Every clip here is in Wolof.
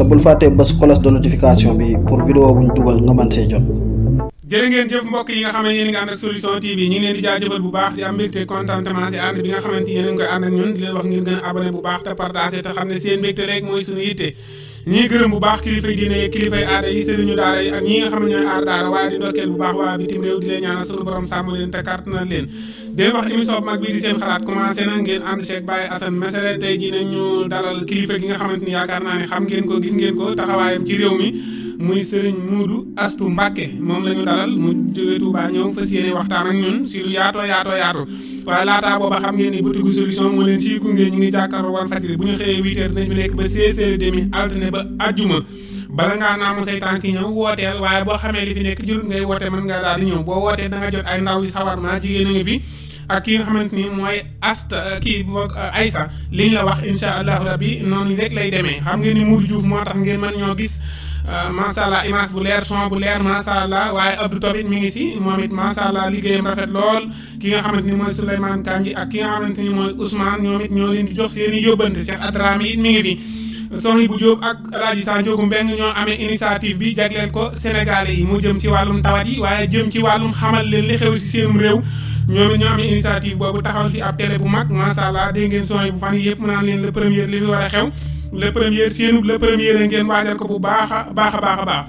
te bul fàttee bés cloche de notification bi pour vidéo buñ dugal nga mën see jot. jërë ngeen jëf mbokk yi nga xam ne yéen ànd ak solution TV ñu leen di jaajëfal bu baax di am mbégte contentement si ànd bi nga xamante yéen a koy ànd ak ñun di leen wax ngeen gën a bu baax te partagé te xam ne seen mbégte rek mooy suñu yitte. ñuy gërëm bu baax kilifa diine yi kilifay aada yi sëriñu daara ak ñi nga xam ne ñooy aar daara waaye di ndokkeel bu baax waa bitim réew di leen ñaanal sunu borom sàmm leen te kàrt na leen dén wax émission bu mag bii di seen xalaat commencé na ngeen ànd Cheikh Baye Assane Mesere tey jii nañu dalal kilifa gi nga xamante ni yaakaar naa ne xam ngeen ko gis ngeen ko taxawaayam ci réew mi muy Serigne Moodu Astu Mbàkke moom la ñu dalal mu jóge Tuubaa ñëw fas waxtaan ak ñun si lu yaatoo yaatoo waaye laataa booba xam ngeen ni boutique solution moo leen ciy gunge ñu ngi jàkkaarloo Walfadjri bu ñu xëyee huit heures dinañ fi nekk ba seize heures et demi altine ba àjjuma bala ngaa naamu say tànk yi ñëw wooteel waaye boo xamee li fi nekk jurut ngay woote mën nga daal di ñëw boo wootee da nga jot ay ndaw yu sawar maa jigéen a ngi fi ak ki nga xamante ni mooy asta kii boog Aïssa liñ la wax incha allahu rabi noonu rek lay demee xam ngeen ni Mourou Diouf moo tax ngeen mën ñoo gis Euh, macha allah image bu leer son bu leer macha allah waaye Abdou tamit mi ngi si moom it macha allah liggéeyam rafet lool ki nga xamante ni mooy Souleymane Kanji ak ki nga xamante ni mooy Ousmane ñoom it ñoo leen di jox seen i yóbbante Cheikh Adrame it mi ngi fi. soxna bu Diop ak El Hadj Sanjoogu Mbeng ñoo amee initiative bi jagleel ko Sénégalais yi mu jëm ci wàllum tawat yi waaye jëm ci wàllum xamal leen li xew ci seen réew. ñoom it ñoo amee initiative boobu taxawal fi ab télé bu mag macha allah dégg ngeen son bu fan yëpp mu xew. le premier séenu le premier la ngeen waajal ko bu baax a baax a baax a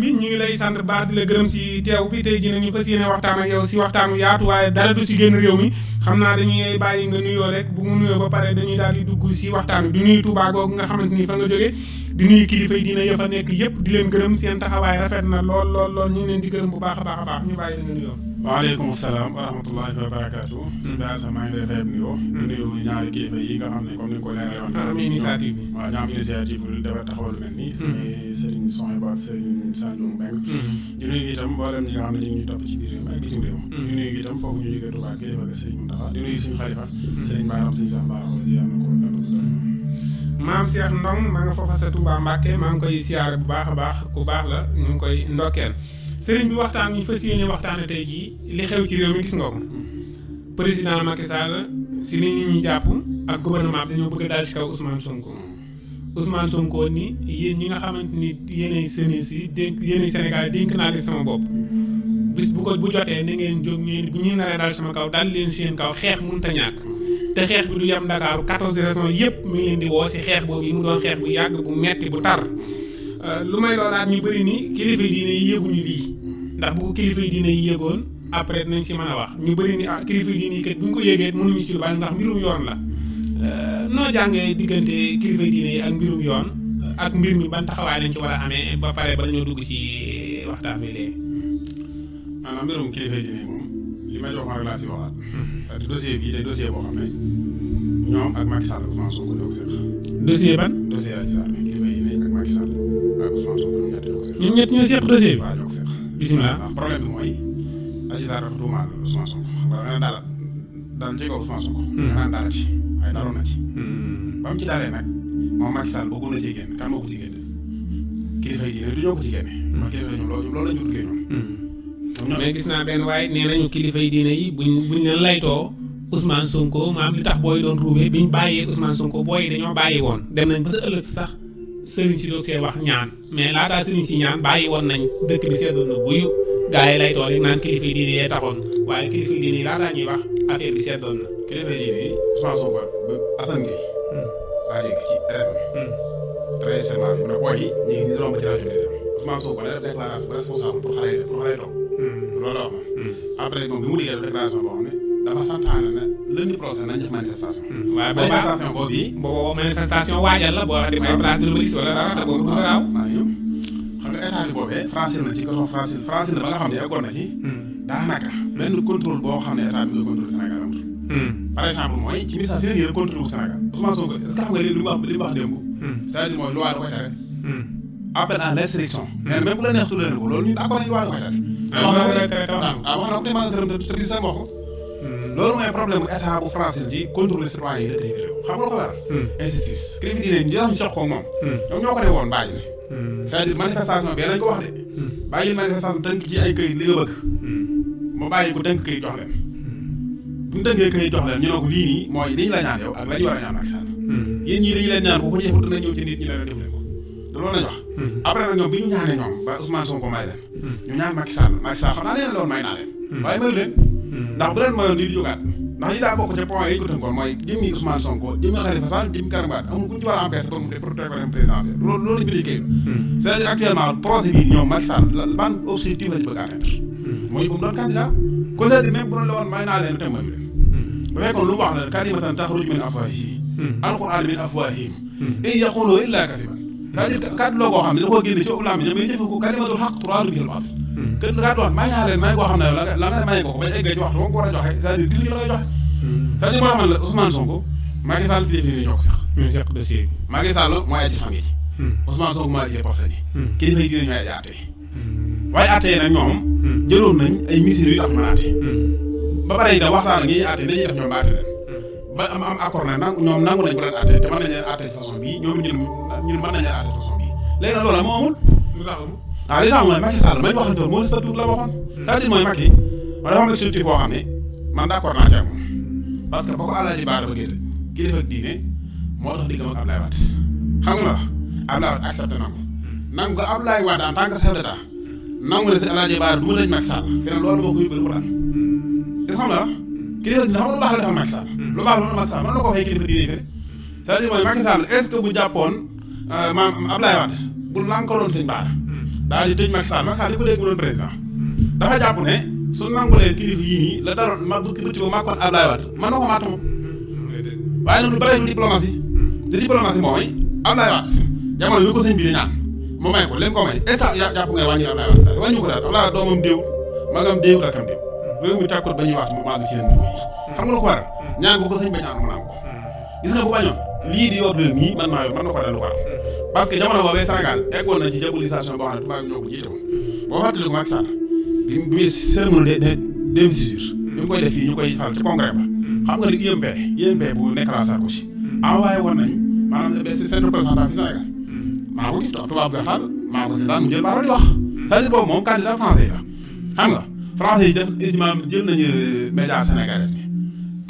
bi ñu ngi lay sant baax di la gërëm si teew bi tey jii nag ñu fas yéene waxtaan ak yow si waxtaanu yaatu waaye dara du si génn réew mi xam naa dañuy bàyyi nga nuyoo rek bu mu nuyoo ba pare dañuy daal di dugg si waxtaan wi di nuyu Tuubaa googu nga xamante ni fa nga jógee di nuyu kilifa yi dina yëfa nekk yëpp di leen gërëm seen taxawaay rafet na lool lool lool ñu leen di gërëm bu baax a a ñu bàyyi la waaleykum salaam wa rahmatullahi wa barakaatu. sax ngi lay nuyoo. ñu nuyu ñaari yi nga xam comme ni ko initiative initiative dafa nga ñu ci ñu ko Cheikh Ndong ma nga sa koy bu a baax ku baax la ñu koy sëriñ bi waxtaan ñu fas yéene waxtaane tey jii li xew ci réew mi gis nga ko président Macky Sall si li nit ñi jàpp ak gouvernement bi dañoo bëgg a daal ci kaw Ousmane Sonko Ousmane Sonko ni yéen ñi nga xamante ni yéenay sëriñ si dénk yéenay Sénégal dénk naa leen sama bopp bis bu ko bu jotee ni ngeen jóg ñeen bu ñuy naree daal sama kaw daal leen seen kaw xeex mënut a ñàkk te xeex bi du yem Dakar 14 régions yëpp mi ngi leen di woo si xeex boobu yi mu doon xeex bu yàgg bu metti bu tar Euh, lu may looraat ñu bëri nii kilifa diine yi yëguñu lii ndax bu ko kilifa diine yi yëgoon après nañ si mën a wax ñu bëri nii ah kilifa diine yi kat bu ñu ko yëgee mënuñu ci lu ndax mbirum yoon la euh, noo diggante kilifa ak mbirum yoon ak mbir mi ban taxawaay lañ ci war a amee ba pare ba ñoo dugg ci waxtaan wi léegi. maanaam mbirum kilifa diine moom li ma hmm. rek ñoom ak Macky Sall Ousmane Sonko ñoo ko séq. dossier ban. dossier Adji Sarr bi kilifa diine ak Macky Sall. ñoom ñett ñoo seq dossier bi. waaw ñoo ko seq. bisimilah waaw problème bi mooy. Adji Sarr dafa tuumaal Ousmane Sonko hmm. daal daal ci hmm. kaw hmm. Ousmane naa benn waaye nee nañu kilifa yi diine yi buñ buñ leen laytoo Ousmane Sonko maam li tax booy doon ruubee biñ bàyyee Ousmane Sonko booy yi dañoo bàyyi woon dem nañ ba sa ëllëg sax sëriñ si doog see wax ñaan mais laataa sëriñ si ñaan bàyyi woon nañ dëkk bi seddoon na guyu gaa yi lay tool yi naan kilifa diine yee taxoon waaye kilifa yi laataa ñuy wax affaire bi seddoon na. kilifa diine yi hmm. ci RFM. Hmm. très seulement bi mu ne ngi romb ci rajo bi dem Ousmane Sonko def déclaration bu responsable pour lundi prochain nañ def manifestation. Hmm. waaw manifestation boobu yi. boobu manifestation waajal la boo xam ne ay place de l'Obélisque wala dara te boobu du ko daaw. xam nga état bi boobee. français na ci coton français français na ba nga xam ne yeggoon na ci. Hmm. daanaka benn contrôle boo xam ne état bi koy contrôle Sénégal amatul. Hmm. par exemple mooy ci ministère fii la ñuy def contrôle Sénégal. Ousmane Sonko est-ce que xam nga li mu wax li mu wax démb. c'est-à-dire mooy loi da koy tere. appel à l'insurrection. mais même bu la neex tudd leen ko loolu ñun d'accord nañ loi da koy tere. waaw waaw waaw waaw wax na ko te maa ngi gërëm te te du seen wax ko. loolu mooy problème bu état bu français di contrôler citoyen yi dëkk ci réew xam nga lu ko waral. Hmm. injustice kilifa diine ñi tax ñu sox ko moom. Hmm. ñoom ñoo ko def woon bàyyi la. Hmm. c'est-à-dire manifestation bi lañ ko wax de. bàyyi manifestation tënk ci ay këyit li nga bëgg. mu bàyyi ko tënk këyit jox leen. bu ñu tënkee këyit jox leen ñu ne ko lii nii mooy li ñu la ñaan yow ak la ñu war a ñaan ak sànn. yéen ñii dañu leen ñaan ko ku jëfut dina ñëw ci nit ñi leen def leen ko. te loolu lañ wax. après nag ñoom bi ñu ñaanee ñoom ba Ousmane Sonko may leen. ñu ñaan Macky Sall Macky Sall xam naa leen loolu may naa leen. waaye may leen ndax bu leen mayoon lii di jógaat ndax li daa bokk ca point yi ko tënkoon mooy jëmmi Ousmane Sonko jëmmi Khalifa Sall jëmmi Karim Wade amul ku ñu ci war a hmm. ci bëgg a atteindre hmm. mooy bu mu doon candidat hmm. conseil bi même bu doon la loo koo xam ne da koo génne ci ulaam yi damay jëfe ko kalimatul xaq turaadu bihil baatil kën ngaa doon may naa leen may koo xam ne la nga la nga may ko ko bañ egg ci waxtu ba nga ko war a joxe c'est-à-dire la koy joxe. c'est-à-dire moo tax la Ousmane Sonko Macky Sall téye sax. ñu seq dossier bi. moo aji poste waaye àtte yi ñoom. Hmm. jëloon nañ ay misir yu tax mën a àtte. Hmm. ba pare itam waxtaan ak ñi ñuy àtte dañuy def ñoom ba àtte leen. Hmm. ba am am na nangu ñoom nangu nañ ko leen àtte te mën nañ leen àtte façon bii ñoom ñun ñun mën nañ leen àtte façon bii léegi nag loolu moo amul waaw li nga mooy Macky Sall mañ waxante woon moo sa tur la xam ne man d'accord naa ci moom parce que ba ko àllaa ji baara ba géete kilifa ak diine moo tax diggam ak ko Ablaye Wade en tant que chef d'état nangu na si àllaa ji baara du ma daj ne loolu moo ko yóbbal ko daan gis nga la diine xam nga la defal Macky Sall lu baax la defal Macky Sall man diine yi fi c'est-à-dire mooy Macky Sall est-ce que bu jàppoon euh, maam Ablaye Wade bu lànkoroon sëñ baara daal di tëj Macky Sall Macky Sall di ko dégg mu doon président dafa jàpp ne su nangulee kilifa yii nii la daroon ma bu bëtti ba màkkoon Abdoulaye Wade man na ko maat moom waaye nag lu bare du diplomatie te diplomatie mooy Abdoulaye Wade jamono bi ko sëñ bi di ñaan mu may ko leen ko may est-ce que jàpp ngay wàññi Abdoulaye Wade daal wàññi daal Abdoulaye doomam déew magam déew waat mu màgg ci yenn niveau yi xam nga lu ko ko ko sëñ ba ñaan mu ko gis bu bañoon lii di yor réew mii man maa yor mën na ko dal lu war mm-hmm. parce que jamono boobee Sénégal eggoon na ci boo xam ne tubaab bi mu koy def fii ñu koy fal ci congrès ba mm-hmm. xam nga mm-hmm. seen représentant fi Sénégal maa ko gis tubaab gàttal maa ko seetaan mu jël parole di yi def maam jël nañu euh, média sénégalais bi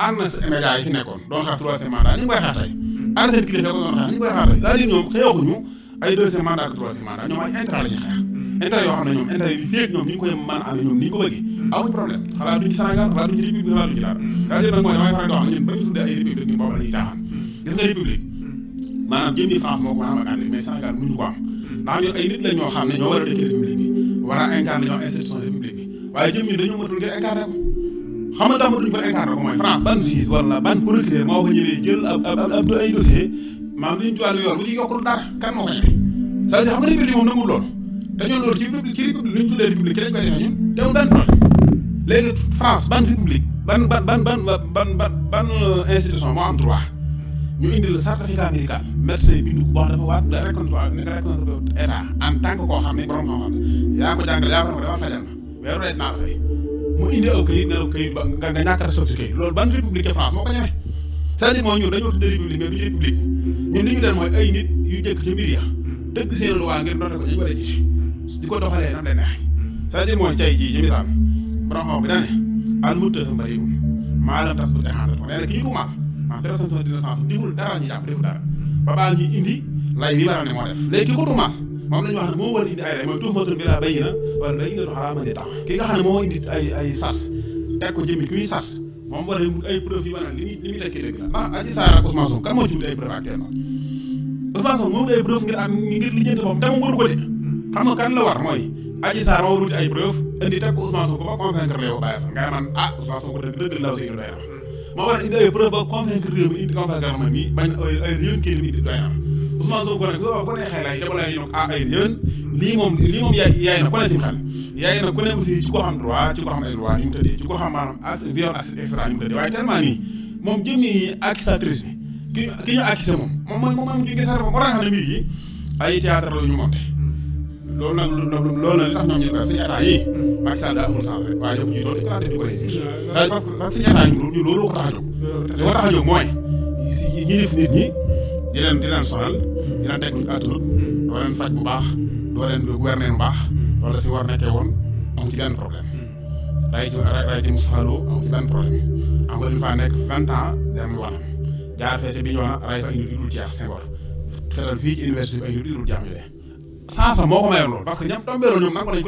ànd na média yi fi nekkoon doon xeex troisième mandat ñu ngi koy xeex ànd seen kilifa ba nga ñu koy xaaral cest ñoom xeexuñu ay deuxième mandat ak troisième mandat ñoom ay intérêt la xeex. Mm. intérêt yoo xam ne ñoom a amee ñoom ni ñu ko bëggee. Mm. amuñ mm. ba ñu tuddee ay république ñun boobu la ñuy gis nga république maanaam jëm ni France moo ko a ak Amérique mais Sénégal mënuñu ko am ndax ñun ay nit la xam ne ñoo war a dëkk république bi war a incarner ñoo institution république bi waaye jëm ni dañoo matul ngir incarner ko xam nga tàmbatuñu ko hectare ko mooy France ban siis wala ban procureur moo ko ñëwee jël ab ab ab ay dossier maam li ñu ci wàllu yoon bu ci yokkul dara kan moo ko ñëwee c'est-à-dire xam nga république moom nanguwul loolu te ñun loolu ci république ci république li ñu tuddee république ci lañ koy defee ñun te mu benn problème léegi France ban république ban ban ban ban ban ban ban euh, institution moo am droit ñu indi la certificat médical médecin bindu ko boo dafa waat nga reconnaître nga reconnaître état en tant que koo xam ne borom xam-xam yaa ko jàngal yaa ko dafa fajal ma weeru dee dinaa la fay mu indi aw kayit ne la kayit ba nga nga a sotti kayit loolu ban république ca France moo ko ñeme c'est-à-dire mooy ñun dañoo tuddee république mais du république ñun li ñu leen mooy ay nit yu jëkk ca mbir ya dëgg seen luwaa ngeen doon ko ñu war a jiite di ko doxalee nan la neexee cest à mooy cay jii ci misaal borom bi daa ne al muttaham bariwul maalam tas bu texaantat ko nee na ki ñu tuumaal maanaam présomption d'innocence deful dara ñu jàpp deful dara ba a moo def léegi ki ko tuumaal moom la ñu wax ne moo war indi ay rek mooy tuhmatun bi laa bayyina wala bayyinatun alaa man ittaqa ki nga xam ne moo indi ay ay sas teg ko jëmmi kuy sas moom war a wut ay preuve yi maanaam li muy li muy tekki dëgg la ndax ah, Adji Sarr ak Ousmane Sonko kan moo ci wut ay preuve actuellement Ousmane Sonko moo wut ay preuve ngir am ngir lijjanti boppam te mu waru ko de xam nga kan la war mooy Adji Sarr moo war a wuti ay preuve indi teg ko Ousmane Sonko ba convaincre la yow Baye Assane nga naan ah Ousmane Sonko dëgg dëgg la doy na moo war a indi ay preuve ba convaincre réew mi indi convaincre ma mii bañ ay yéen kii indi doy na Ousmane Sonko nag waaw ku ne xelaay jabalaay ñu ne ko a ay yéen lii moom lii moom yaay yaay na ku ne ci xel yaay na ku ne aussi ci ko xam droit ci ko xam ay loi ñu mu tëddee ci ko xam maanaam mu tëddee waaye tellement nii moom jëmmi ki ñu ki ñu moom moom moom mooy gisar moom war na xam ne ñu monté loolu nag loolu nag li tax ñoom ñu daa amul sens rek waaye ñoo ko jiitoon dañ def ko réussir parce que suñu état yi ñu loolu ko tax a jóg li ko tax a jóg mooy ñi def nit ñi di leen di leen sonal. di leen teg luñ aturut. doo leen faj bu baax. doo leen gouverner bu baax. loolu la si war nekkee woon amu ci benn problème. ray ci ray ci Moussa problème. encore une fois nekk vingt ans dem yu wanam jaar fee ca bi ñu wax ray fa ay nit yu dul jeex Senghor fetal fii ci ay yu dul jàmmale. sans sa moo ko mayoon parce que ñoom tombeeroon ñoom nangu nañ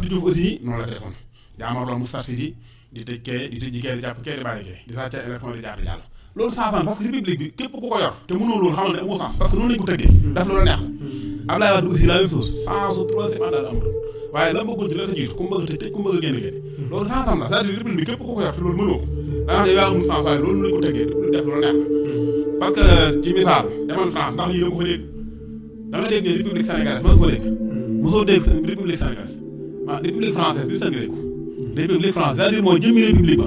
di leen aussi noonu la defoon jaamarloo Moustapha Sy di tëj kee di tëj kee di jàpp kee di bàyyi kee di sàcc élection di jaar di loolu sansaan parce que république bi képp ku ko yor te mënoo loolu xamal ne amoo sens parce que noonu lañ ko tëggee daf la neex Abdoulaye Wade aussi la même chose sans troisième mandat la am waaye la bëggoon ci la ko jiitu ku mu bëgg tëj tëj ku mu bëgg génn génn loolu sansaan la c'est-à-dire république bi képp ku ko yor te loolu mënoo ko da nga xam ne yaa amul sens waaye loolu lañ ko tëggee def la neex parce que euh, ci misaal demal France ndax yii da ko fa dégg da nga dégg ne république sénégalaise ma ko dégg mosoo dégg république sénégalaise waaw république française bi sën nga dégg république française c'est-à-dire mooy jëmmi république ba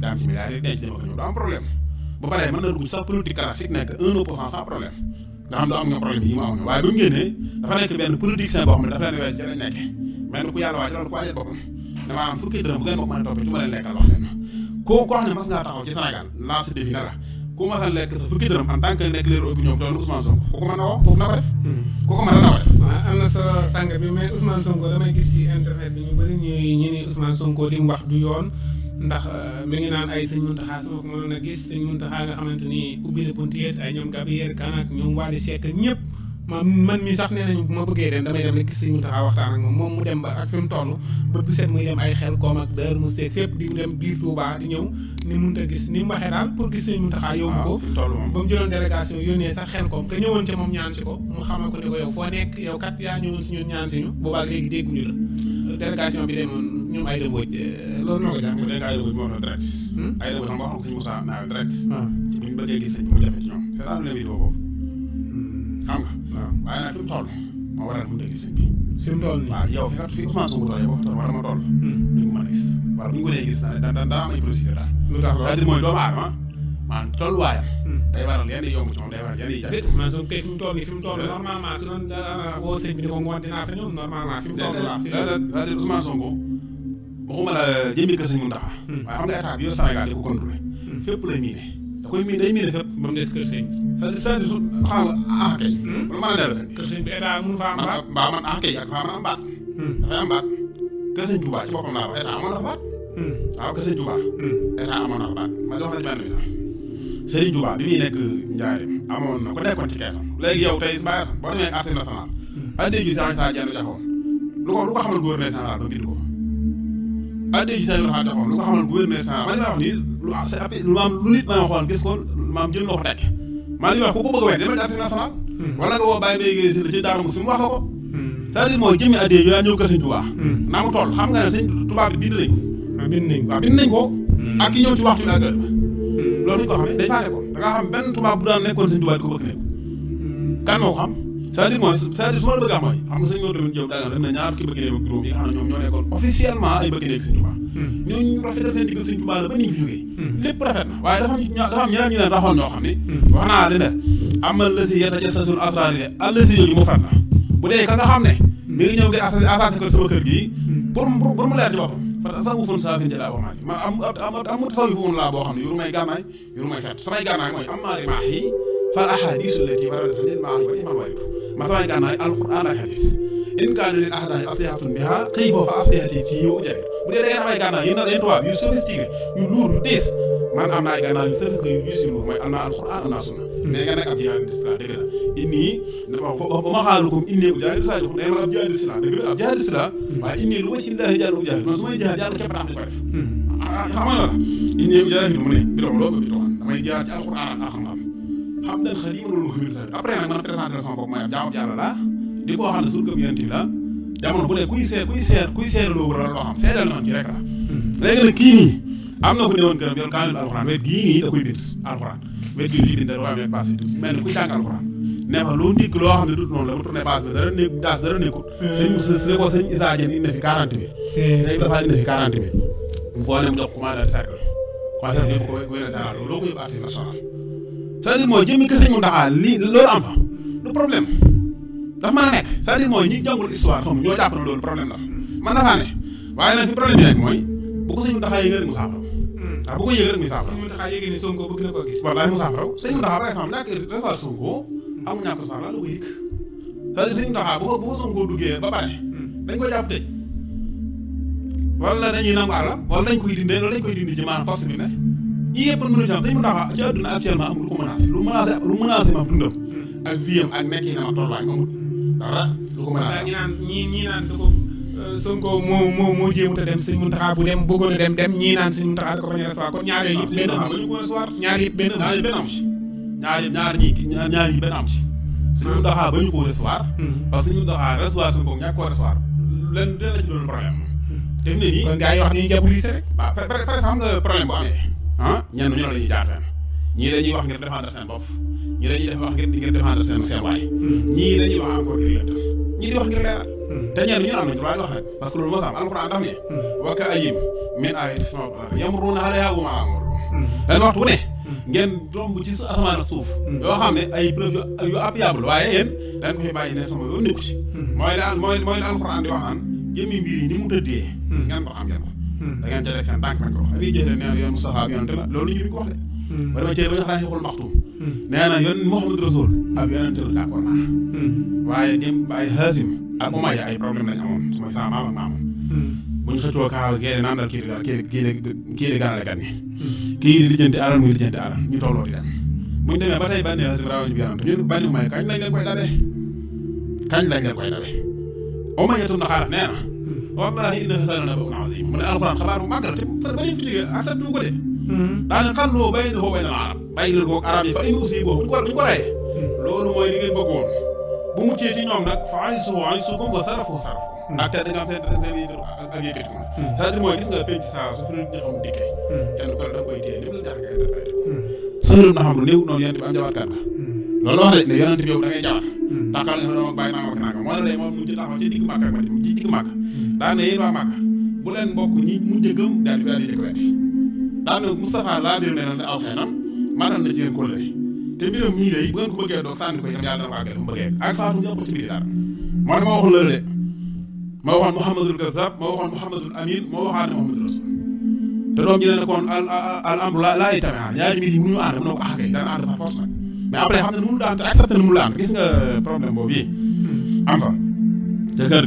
daa am na a a sa fukki dërëm en tant Sonko ku ko mën a wax boobu na ko def hmm. ku a Sonko damay gis internet bi ñu bëri ñuy ñu ni Ousmane Sonko li mu wax du yoon ndax euh, mi ngi naan ay sëñ Muntaxa sama ko mënoon a gis sëñ Muntaxa nga xamante ni ubbi na bunt yeet ay ñoom Gabriel Kan ak ñoom Wally Seck ñëpp ma man mi sax nee nañu bu ma bëggee dem damay dem rek gis sëñ Muntaxa waxtaan ak moom moom mu dem ba ak fi mu toll bët bu set muy dem ay xel koom ak dër mu seet fépp di dem biir Touba di ñëw ni munta gis ni mu waxee daal pour gis sëñ Muntaxa yóbbu ko ba mu jëloon délégation yónnee sax xel koom te ñëwoon ca moom ñaan si ko mu xamal ko ne ko yow foo nekk yow kat yaa ñëwoon si ñun ñaan si ñu boobaak léegi dégguñu ñoom ay dëbëj loolu noo ko jàng. léegi ay dëbëj moo wax la direct. ay dëbëj xam nga wax na suñu Moussa naa direct. ci buñ bëggee gis sëñ bi mu jafe ci ñoom c'est ça la vidéo boobu. xam nga. waaw waaye nag fi mu toll moo waral mu dégg sëñ bi. fi mu toll nii waaw yow fi nga fi Ousmane Sonko toll yow fa toll wala ma toll. duñ ko mën a gis wala bu ñu ko dee gis daal daan daan am ay procédure daal. lu tax c'est-à-dire mooy doomu aadama maanaam tolluwaayam. day waral yenn yomb ci moom day waral yenn yi jafe. déet man soo kay fi mu toll nii fi mu toll normalement su doon woo sëñ bi di ko ngoon dinaa fa ñëw normalement fi mu toll la. c'est-à-dire Ousmane Sonko waxuma la jëmmi kër sëñ Mountakha. Hmm. waaye xam nga état bi yor Sénégal di ko contrôlé. Hmm. fépp la miine. da koy miine fépp. ba mu a faa man a am am baat. amoon na fa baat. Hmm. waaw kër sëñ Touba. état amoon na fa baat ma jox la ci bi sax. Serigne Touba bi muy nekk Njaaréem amoon yow tey bàyyi sax boo jaxoon lu ko lu ko xamal gouverneur ba bind ko fa addeeg Seydou Rafa defoon lu nga xam ne gouverneur Sénégal man li may wax nii lu am c'est après lu maam lu nit ma waxoon gis ko maam jël na ko tekk maa ngi wax ku ko bëgg a wér demal ci assemblée nationale. Hmm. wala nga woo Baye Mbaye Guèye si la ci Darou Moussi mu wax ko ko. Hmm. c'est-à-dire jëmmi addeeg yooyu daal ñëw ko sëñ naa mu toll xam nga ne sëñ Touba bi bind nañ ah, ko. waaw bind nañ ko hmm. ak ki ñëw ci waxtu bi ak bi. loolu ñu ko xamee dañ faa da ngaa xam benn tubaab bu daan c'est-à-dire mooy c'est-à-dire su ma la bëgg a mooy xam nga sëñ Maodo Lamine Diop daanaka dem na ñaar fukki bëgg-néew juróom ñoo nekkoon officiellement ay bëgg-néew hmm. ak sëñ Touba ñooñu rafetal seen diggal sëñ Touba la ba ni ñu fi jógee hmm. lépp rafet na ñoo xam ne hmm. wax naa li ne amal la si mu fat na ka nga xam ne mi ngi ñëw ngir asaase ko sama kër gii pour am am tasaw yi fu laa boo xam ne yoru may maax yi fal ahadisu lati warada tamit maax ba masawaay gànnaay alxuraan ak hadis in kaana lil ahdaay asihatun biha xëy foofa asihati ci yow jafe bu dee da ngeen gànnaay yu nar leen tubaab yu sophistiqué yu luur yu diis man am na gànnaay yu sophistiqué yu diis luur mooy am naa alxuraan am naa sunna mais hmm. nga ab jihadiste la dëgg la innii ma xaalukum innii ujaahid saa jox day man ab jihadiste di hmm. ko def hmm. ah, ah, xam nga la innii ujaahid mu ne bi dox loo bi doxaan damay jihaad ci alxuraan ak xam-xam xam daal xar yi ma doon wax huile sër après nag man présenté sama bopp mooy ab jaamu yàlla la di ko waxal ne suñu gëm yonent bi la jamono bu ne kuy seet kuy seet kuy seet loo wala loo xam seetal na ci ku ne woon alxuraan wet gii nii ndikk loo xam ne dut noonu la mu tourné paase bi dara nekk daas dara nekkut. sëñ Moussa ko sëñ Issa indi na fi 40 000. sëñ Tafa indi na fi 40 000. mu boole mu jox commandant cercle. commandant cercle yëpp ko wér-gu-wér national loolu loo koy paase national. c'est-à-dire mooy jëmmi kese ñu ndax ah lii loolu am fa du problème dafa mën a nekk c'est-à-dire mooy ñi jàngul histoire xam ñoo jàpp na loolu problème la man dafaa ne waaye nag fi problème bi nekk mooy bu ko sëñ Mountakha yëgee rek mu saafara waaw bu ko yëgee rek mu saafara sëñ Mountakha yëgee ni Sonko bëgg na koo gis wallaahi mu saafara sëñ Mountakha par exemple ñàkk recevoir Sonko amul ñàkk recevoir la lu koy dikk c'est-à-dire sëñ Mountakha bu ko bu ko Sonko duggee ba pare dañ koy jàpp tëj wala dañuy nangu àllam wala dañ koy dindee wala dañ koy dindi ci maanaam poste bi ne ñi yëpp a jàpp sëñ Mountakha ci àdduna actuellement amul lu ko menacé lu menacé lu menacé ma ñi naan ñi ñi naan da ko euh, Sonko moo moo moo jéem a dem sëñ Mountakha bu a dem dem ñii naan sëñ Mountakha da ko a recevoir kon ñaar yooyu ba ñu ko recevoir parce hmm. que sëñ Mountakha recevoir Sonko ñàkk koo recevoir lenn lenn ci doon problème hmm. def ne nii kon gars yi wax ni jàpp lii rek waaw par exemple xam nga problème bu amee ah ñenn ñoo la ñuy jaar ñii dañuy wax ngir défendre seen bopp ñii dañuy wax ngir ngir défendre seen seen waay hmm. ñii dañuy wax encore ngir ngir leeral hmm. te ñenn ñun am nañ droit di wax nag parce que loolu moo saam alxuraan daf ne hmm. wa ka ayim min ayatin sama bala yamruuna alayha wa ma amruhum dañ waxtu ne ngeen romb ci asamaan suuf yoo xam ne ay preuve yu appuyable waaye yéen dañ ko ne sama mooy daan mooy mooy alxuraan di wax jëmmi mbir yi ni mu tëddee ngeen ko xam ngeen Hmm. da ngeen ca teg seen tànk hmm. nañ ko wax hmm. abi jëlee nee na yoon Moustapha ab yonante la loolu ñu duñ ko wax de ba dama cee ba ñax daa xeexul yoon la d'accord naa waaye dem ay Haasim ak Umayya ay problème lañ amoon su ma sama maam ak maamam de naan dal kii di gan kii de kii de ganale kii di lijjanti alal muy lijjanti alal ñu tolloo kañ lañ koy dabe kañ lañ leen wallahi inna hasaana nabaun azim mu ne alxuraan xabaar bu màgg la te fan ba ñu fi liggéey accepté wu ko de daana bay na foo bay na arab bàyyi leen koog arab fa in aussi boobu buñ ko buñ ko hmm. loolu mooy li ngeen bëggoon bu muccee ci ñoom nag fa ansuhu ansukum wa sarafu sarafu hmm. ndax a nga am seen seen yëkkatu ak yëkkati a hmm. c'est-à-dire mooy gis nga penc saa su fi ñu xam dikkee kenn ko da nga koy na xam lu noonu yéen bi am jawaat loolu wax de bi yow da ngay jabar taxal nga sama bàyyi naa wax mujj taxaw ci digg màkk ak ma ci digg hmm. bu leen bokk ñi mujj gëm daal di daal di jëkk wetti daan na Moustapha laa biir ne na aw xeenam maanaam na ci yéen kóllëre te mbiram ñii lay bu ngeen ko bëggee doog sànni ko itam yàlla mu bëggee ak saatu ñëpp ci biir dara moo waxoon Mouhamadul Kazzab ma waxoon Mouhamadul Amin ma waxaa ne Mouhamadul te doom ji ne kon al mais après ne nu mu daan te accepté na mu daan gis nga euh, problème boobu yi am fa ca kër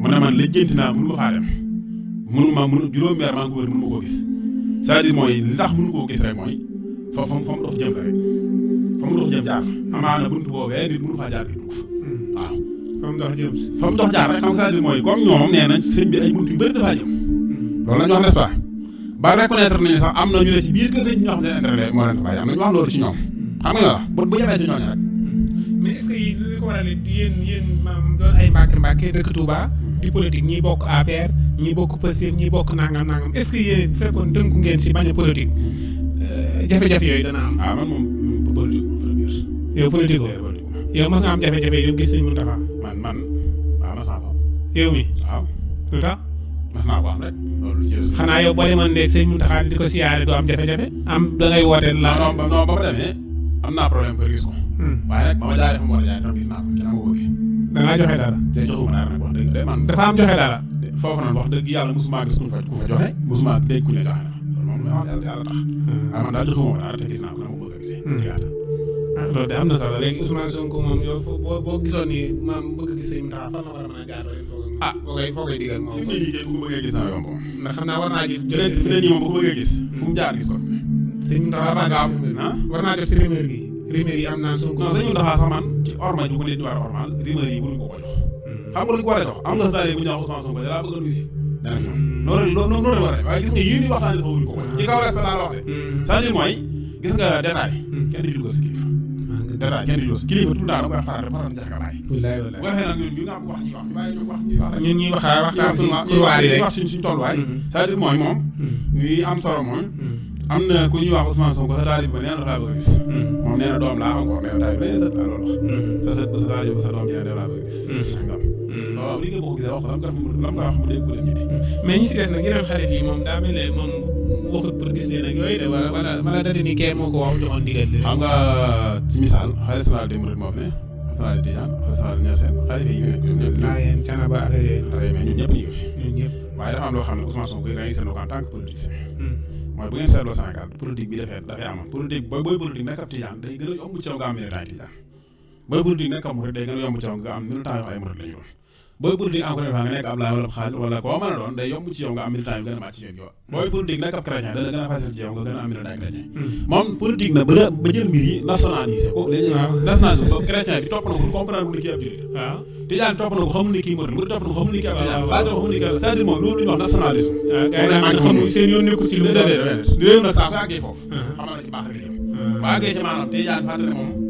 mu ne man lijjanti naa mënu ma faa dem mënu ma mënu juróomi weer maa ngi ko wër mënu ma koo gis cest mooy li tax koo gis rek mooy fa mu dox jëm rek hmm. hmm. fa mu dox jëm fa mu dox jaar rek xam cest à mooy comme ñoom nee nañ sëñ bi ay buntu yu bëri dafaa jëm hmm. loolu la ñu wax n'est-ce pas ba reconnaître nañu sax am na ñu ci biir que sëñ bi ñoo seen intérêt xam nga bu bu yemee ci ñooñu rek. Hmm. mais est ce que yi li ko waral yéen yéen maam doon ay mbàkke mbàkke dëkk Touba. di politique ñi bokk APR ñii bokk Pastef ñi bokk nangam nangam est ce que yéen bu fekkoon tënku ngeen si bañ a euh, jafe-jafe yooyu dana am. ah man moom politique moom première. yow politique ko yow mas am mun taxaa. di ko siyaare doo am jafe-jafe. am da ngay woote ba ma demee am na problème pour gis ko. Hmm. waaye nag ba ma jaaree fa war a jaaree tam gis naa ko ci na ma bëggee. dëgg yàlla mosuma gis ku fa ku na ma ko ndax xam naa war naa ji. fi ne nii moom bu bëggee gis. fu jaar gis ko. sëñ Mountakha Mbacké war naa def si rumeur bi rumeur yi am naa suñ ko. non sëñ Mountakha sax man ci orma ju ko nit ñi war a ormal rumeur yi mënuñu ko ko jox. Hmm. xam nga lu ñu ko war a jox am nga stade bu ñu wax Ousmane Sonko da laa bëgg a nuyu si. dana ñëw hmm. loolu loolu noonu la war a def waaye gis nga yii ñuy waxtaanee sax wuñu ko ko ci kaw respect laa la wax de. Hmm. c'est-à-dire mooy gis nga détail. kenn du ko si kilifa. Ah, détail kenn du ko si kilifa tout le temps da nga koy faral di faral di jax nga bàyyi. wallaay wallaay bu ko waxee nag ñun ñu nga wax ñuy wax ñu bàyyi ñoom wax ñuy wax rek. ñun ñuy wax waxtaan suñu kuréel yi rek ñuy wax suñu suñu tolluwaay. c'est-à-dire mooy moom. ñuy am solo mooy. am na ku ñuy wax Ousmane Sonko sa taalibe ba nee na laa bëgg a gis. Hmm. moom nee na doom laa encore mais taalibe ba nee sët laa doon wax. Hmm. sa sët ba sa taalibe ba sa doom nee na laa bëgg a gis. Hmm. sangam. waaw li nga ko gisee wax ko lam ko lam ko wax mu dégg ko dem ñibbi. mais ñi si des nag yeneen xarit yi moom daa mel ne moom waxut pour gis leen ak yooyu de wala wala wala dati ni kee moo ko wax joxoon ndigal li. xam nga ci misaal xaalis naa dem rek moo fi ne. xasal Tijaan xasal Ñaseen xale yi ñu nekk ñun ñëpp. ah yéen canaba affaire yooyu. ñun ñëpp ñu ngi fi. ñun ñëpp waaye dafa am loo xam ne Ousmane Sonko yi da ngay seen ko en tant que politicien. mooy bu ngeen seetloo Sénégal politique bi dafee dafay amoon politique booy booy politique nekk ab tijaan day gën a yomb ci nga am militant tijaan booy politique nekk am murit day gën a yomb ci nga am militant yoo ay murit la ñu doon booy politique encore une fois nga nekk Ablaye wala Xaadir wala koo mën a doon day yomb ci yow nga am militant yu gën a màcc ci a a yi nationalisé ko moom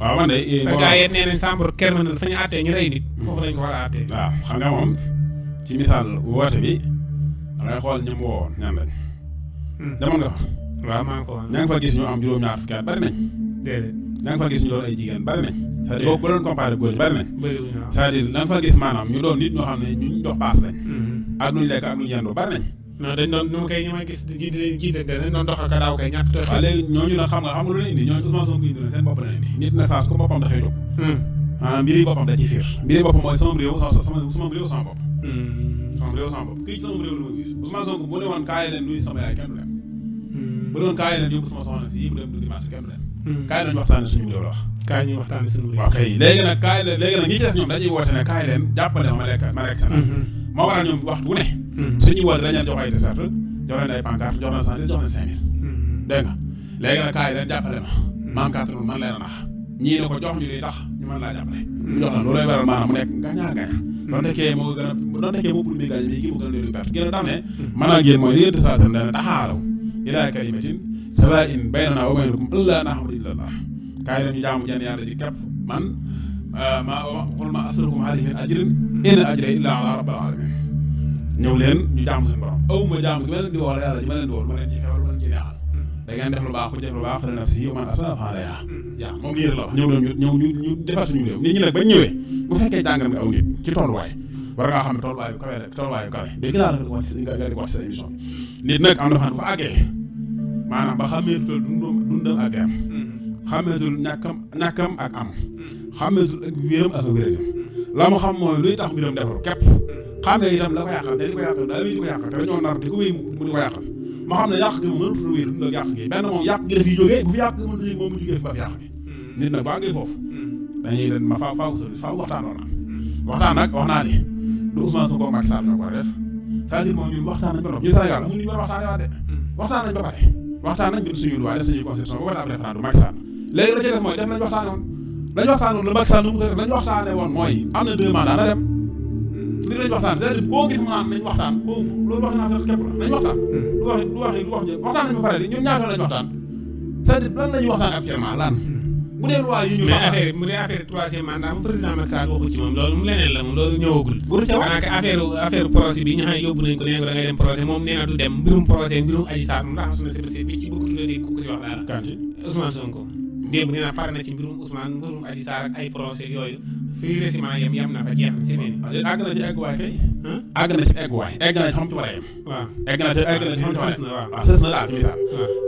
waaw man de. te eh, gars yi nee nañ chambre criminelle fa ñu àttee ñu rey nit. ko war a àttee. waaw xam nga moom ci misaal woote bi da ngay xool ñam woowoon ñaan lañ. Hmm. demoon nga ko woon ña nga fa gis ñu am juróom-ñaar fukki at bari nañ. déedéet ña nga fa gis ñu doon ay jigéen bari nañ. c'est-à-dire fa gis maanaam ñu doon nit ñoo xam ne ñu ñu paas lañ. Hmm. ak lu ñu lekk ak lu ñu yendoo bari nañ non dañ doon nu ma koy ñu may gis di jiite dañ doon dox ak daaw kay ñàkk te waaw léegi ñooñu nag xam nga xam nga lu leen indi ñooñu Ousmane Sonko indi na seen bopp na indi nit na saas ko boppam dafay jóg hmm. ah mbiri boppam da ci fiir mbiri boppam mooy sama réew sama sama réew sama bopp hmm. sama réew sama bopp kii sama réew lu ma gis Ousmane Sonko bu ne woon kaay leen nuyu sama yaay kenn du dem hmm. bu ne woon kaay leen yóbbu sama soxna si yóbbu dem du dimanche kenn du dem kaay leen waxtaane suñu réew la wax kaay ñuy waxtaane suñu réew waaw kay léegi nag kaay leen léegi nag ñi ci des ñoom dañuy woote ne kaay leen jàppale ma lekk ma lekk seen moo waral ñoom waxtu bu ne Mm-hmm. suñuy woote dañ leen jox ay t-shirt jox leen ay pancarte jox leen cent dix jox leen cinq mille mm-hmm. dégg nga léegi nag kaay leen jàppale a mm-hmm. ñu li tax ñu jox mu nekk gañaa gañaa a a a man ak yéen mooy li ngeen di saa seen dana taxaaraw ilaa in baynanaa wa baynakum allaa na'budu illallah kaay leen ma euh, qul ma ñëw leen ñu jaamu seen borom aw ma jaamu gi ma leen di yàlla ji ma leen di woo ma leen ci xewal ma leen ci neexal hmm. da ngeen def baax ku def lu baax xëy na si man asana fan daya hmm. yaa moom nii rek la wax ñëw ñu ñëw ñu ñu defar suñu réew nit ñi nag bañ ñëwee bu fekkee jàngal nga aw nit ci tolluwaay war ngaa xam ne tolluwaay bu kawe tolluwaay bu kawe dégg naa nag wax nga di wax sa am na fan bu fa àggee maanaam ba xàmmeetul dundam dundam ak dem hmm. xàmmeetul ñàkkam ñàkkam ak am xàmmeetul ak wéram ak wéragam la mu xam mooy luy tax mbiram defaru xam nga itam la ko yàqal dañu ko yàqal daal di ko yàqal te dañoo nar di ko wéy mu di ko yàqal ma xam ne yàq gi moom mënatu wéy lu mu doon yàq gi benn moom yàq gi dafiy jógee bu fi yàq gi mënatu jógee moom mu jógee fi ba fi yàq gi hmm. nit nag baa ngay foofu hmm. dañuy leen ma faaw faaw sori faaw waxtaanoon am waxtaan nag wax naa ni du Ousmane Sonko def a waxtaanee hmm. suñu loi def suñu constitution ba wala ab référendum Macky léegi la ci def mooy def nañ waxtaane woon lañ waxtaane woon la Macky Sall nu mu ko def lañ waxtaane woon mooy am na deux mandats na dem mu naan nañ wax naa la nañ waxtaan hmm. du wax du wax du wax waxtaan nañ ba pare ñoom ñaata hmm. ñu. mais affaire bu dee affaire troisième mandat moom président Macky Sall waxu ci moom loolu mu leneen la moom loolu ñëwagul. bu ca wax affaire affaire procès bi ñu xam ne yóbbu nañ ko nee ko da ngay dem procès moom nee dem mbirum procès mbirum aji saat moom ndax suñu si bi ci bëgg tuddee ku ko ci wax dara. Ousmane Sonko démb nee na pare na ci mbirum Ousmane mbirum Adji Sarr ak ay procès yooyu fii la ciment yem yem na fa jeex na si fii. àgg na ci egguwaay kay. àgg na ci egguwaay egg na ci xam ci war a yem. waaw egg na ci egg na ci xam ci war a yem waaw waaw sës na daal ci misaal.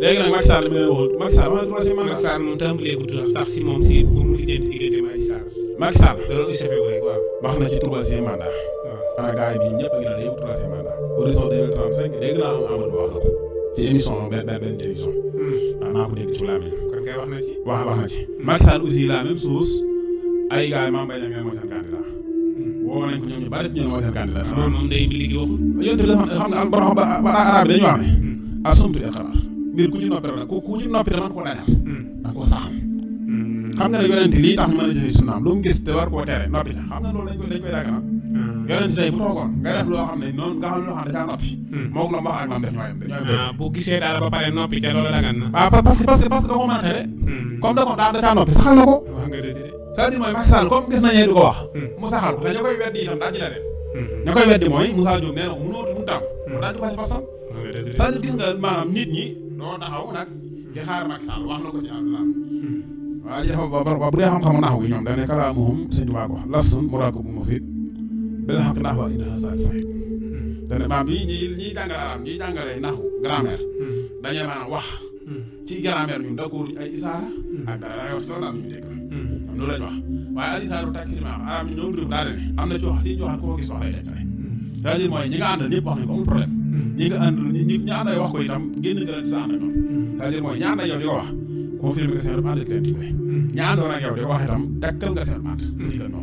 léegi nag Macky Sall mi ngi leen waxoon Macky Sall wax na troisième mandat. Macky Sall moom tàmbalee ko turam sax si moom si bu mu lijjanti diggante ma Adji Sarr. Macky Sall. loolu échec wu rek waaw. wax na ci troisième mandat. waaw xanaa gars yi ñëpp a ngi naan day wut troisième mandat. horizon 2035 dégg naa am Amadou Ba wax na ko ci émission benn benn télévision. waaw hmm. maa ko dégg ci laa mel. kay wax na ci. wax wax ay gars maam bañ a ngeen mooy seen candidat. woo moom day liggéey waxul. yonte bi koo dayal. da xam nga ne yonente lii tax ñu a jëfee sunnaam koo tere xam nga loolu dañ koy dañ yonent loo xam ne noonu nga xam ne hmm. ah, gisee dara ba pare noppi ca loolu dagan na. Ah, ko hmm. daa dafaa noppi saxal na ko. waaw ah, nga dëgg de. c'est-à-dire mooy Macky Sall comme gis nañu du ko wax. Hmm. mu saxal ko te ña koy weddi itam daa ci la leen. ña koy weddi mooy Moussa Diop nee na ko mënootu mënut a mu daal ko ci fasam. c'est-à-dire gis nga maanaam nit ñi doo taxaw nag di xaar Macky Sall wax na ko ci àdduna waaye jafe ba bu dee xam beneen xaq bi wa inna saa sax te jàngale arab ñiy jàngale naaxu grammaire hmm. dañuy wax hmm. ci grammaire ñun d'accorduñ ay isaara hmm. ak dara dangay wax salaam ñu dégg am noonu lañ wax waaye al isaaru takrima arab ñu ñoom réew daal ne am na ci wax ci ñu waxan ko gis wax lay dégg c'est-à-dire mooy ñi nga àndal ñëpp wax nañ ko amul ñi nga àndal ñi wax ko itam génn nga leen sa ànd noonu cest mooy ñi àndal yow di ko wax confirmé nga seen ànd leen di koy ñi àndoon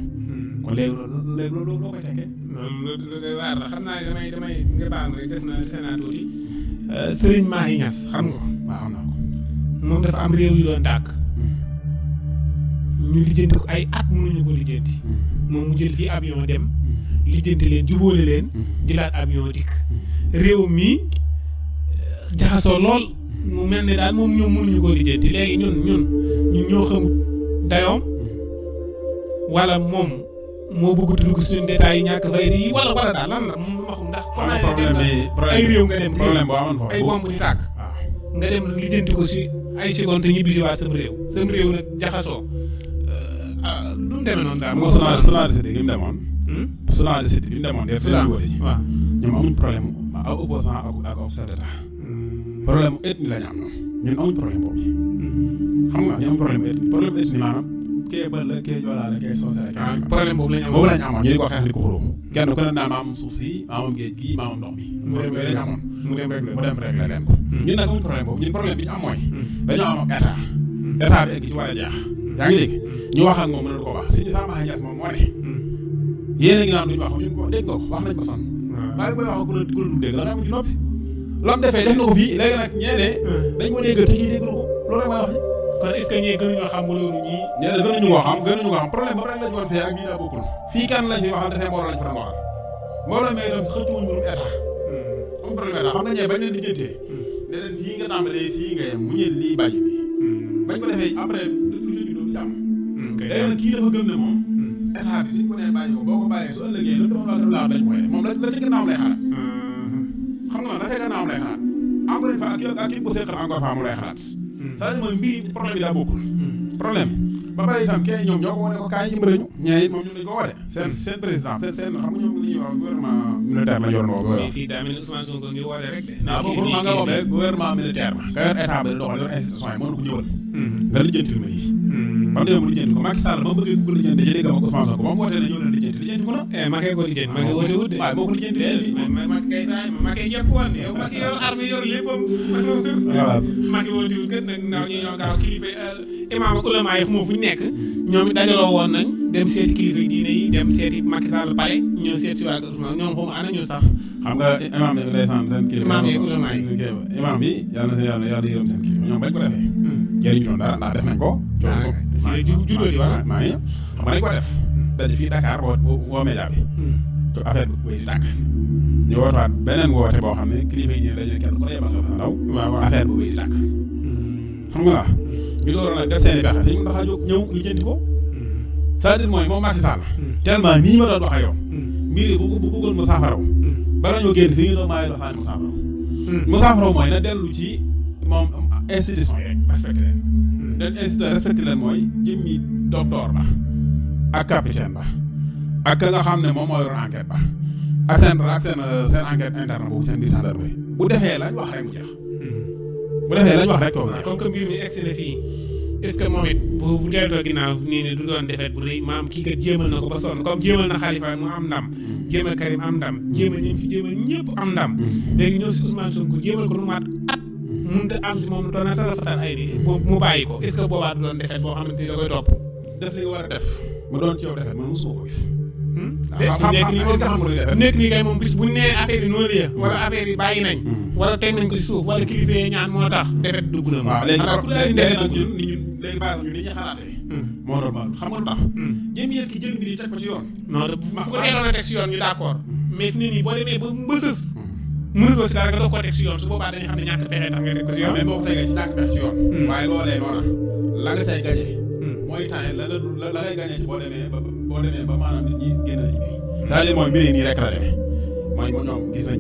ak kon léegi léegi loolu loo koy xam naa ne damay damay nga baal naa tuuti Serigne Mahi Niass xam nga ko. moom dafa am réew yu doon dàkk. ñu lijjanti ko ay at mënuñu ko lijjanti. moom mu jël fii avion dem. lijjanti leen jubóole leen. jëlaat avion dikk. réew mi jaxasoo lool. mu mel ni daal moom ñoom mënuñu ko lijjanti léegi ñun ñun ñoo xamut dayoom wala moom. moo bëgg dugg suñu détails yi ñàkk fayda yi wala wala daal lan la moom lu ma xam ndax. xam problème ay réew nga dem. problème boo amoon foofu ay bomb di tàkk. Ah. nga dem lijjanti ko si ay seconde ñibbi si waa sam réew. sam réew nag jaxasoo euh, ah, lu mu demee noonu daal. moom Soudan Soudan du Sud bi mu demoon. Soudan du Sud bi mu demoon. Soudan waaw ñoom amuñ problème ak opposant ak ak chef d'état. Hmm. problème ethnie la ñu am ñun amuñ problème boobu. Hmm. xam nga ñoom problème kee bël la kee joolaa la kee soose la problème boobu lañ amoon boobu lañ amoon ñu di ko xeex di ko xuróom kenn ku ne naa maamam suuf si maamam géej gi maamam ndox mi problème yooyu lañ amoon mu dem rek la leen ko ñun nag amuñ problème boobu ñun problème bi ñu am mooy dañoo am état état bi egg ci war a jeex yaa ngi dégg ñu wax ak ko wax suñu Samba Niass moom moo ne yéen a ngi naan duñu wax ko dégg nga ko wax nañ ko ko ku la dul dégg da nga mujj noppi lam defee def na ko fii léegi nag ñee ne dañ ko dégg te kii dégg kon est-ce que ñee gënuñoo xam loolu ñii. nee na gënuñu koo xam gënuñu koo xam problème ba pare lañu woon fee ak bii fii kenn lañ fi waxal dafay mbooloo lañ fa doon waxal mbooloo mais itam xëtuwuñ mbirum état hmm. am problème état xam na ñee bañ leen lijjantee hmm. ne leen fii nga tàmbalee fii nga mu ñeen lii bàyyi bi hmm. bañ ko defee après lu jënd doon jàmm léegi nag kii dafa gëm ne moom état bi suñ ko nee bàyyi ko boo ko bàyyee su ëllëgee lu doon moom la ca gannaaw lay xalaat xam nga la ca gannaaw lay Hmm. ça veut dire mooy mbir problème yi daa bokkul. Hmm. problème yi ba pare itam kenn ñoom ñoo ko wane ko kaay dimbali ñu. ñee it moom ñun dañu ko wane. seen seen président seen seen xam nga ñoom li wax gouvernement militaire la yor boobu. mais fii daa mel ni Ousmane Sonko ngi woote rek de. Ah, mais kii kii kii waaw boobu maa ngi koy militaire ma. ka yor ba doxal yor institution yi mënu ko ñëwal. dana mm-hmm. lijjantil ma mm-hmm. lii ba mu demee mu lijjanti ba mu bëggee ko lijjanti ci dégg ma ko Ousmane Sonko ba mu wootee ne lijjanti lijjanti ko na eh Macky ko lijjanti Macky woote wut de waaw moo ko lijjanti seen bi eh, Macky kay saa Macky jekk woon yow Macky yor armée yor léppam Macky woote wut kat nag ndaw ñi ñoo gaaw eh, imaam yi xamoo fu ñu nekk ñoom it yi dem seeti Macky Sall pare ñëw seet si waa kër sax xam nga imaam yi ndeysaan seen kilifa yi yàlla na seen yàlla jëriñoo dara ndax def nañ ko. waaw ah, si la jiw juddoo di wala maa ngi xam nañ ko def. daje fii Dakar woo woo média bi. Hmm. te affaire bi bay di tàkk. ñu wootaat beneen woote boo xam ne kilifa yi ñu ne dañu ne nga fa ndaw. waaw affaire bu bay di tàkk. Hmm. xam nga la ñu dooroon nag def seen i pexe si ñun dafa jóg ñëw lijjanti ko. Hmm. c'est-à-dire mooy moom Macky Sall. tellement nii ma doon wax ak yow. mbir yi bu bu bëggoon mu saafaraw. bala génn fii ñu doon maa yi doon faa mooy na dellu ci moom institution yi respecté leen dañ hmm. incité respecté leen mooy jëmmi docteur ba ak capitaine ba ak ka nga xam ne moom moo yor enquête ba ak seen ak seen euh, seen enquête interne boobu seen biir gendarmerie bu defee lañ wax rek mu jeex hmm. bu defee lañ wax rek kooku jeex comme que mbir mi egsi na fii est-ce que moom it bu bu deltoo ginnaaw nii ne du doon defet bu rëy maam kii kat jéemal na ko ba sonn comme jéemal na Khalifa mu am ndam hmm. jéemal Karim am ndam jéemal ñi fi jéemal ñëpp am ndam léegi ñëw si Ousmane Sonko jéemal ko mënut a am si moom lu toll na sa da koy topp. def li nga war a def. mu doon ci yow defet man mosuma hmm? ah, eh, moom bis bu nee yi noonu la wala hmm. affaire yi bàyyi nañ. Hmm. wala teg nañ ko si suuf wala kilifa yi ñaan moo tax. defet dugg na waaw léegi nag ñun ni ñu léegi base ñu ni ñu xalaatee. moo normal xam nga tax. jéem yéen ki jël mbir yi teg ko ci yoon. non bu ko teeloon a teg si yoon ñu d'accord mais fi nii boo demee ba mbësës mënatoo si dara nga doog koo teg si yoon su boobaa dañuy xam ne ñàkk pexe tax nga teg ko si yoon. mais boo ko tegee si ñàkk pexe si yoon. Hmm. waaye noona la nga cay gañe. Hmm. mooy temps la la ngay gañe ci boo demee ba boo demee ba maanaam nit ñi génn la ci biir. c'est-à-dire mooy mbir yi nii rek la hmm. a ko. léegi ñu bàyyil ko ko. cest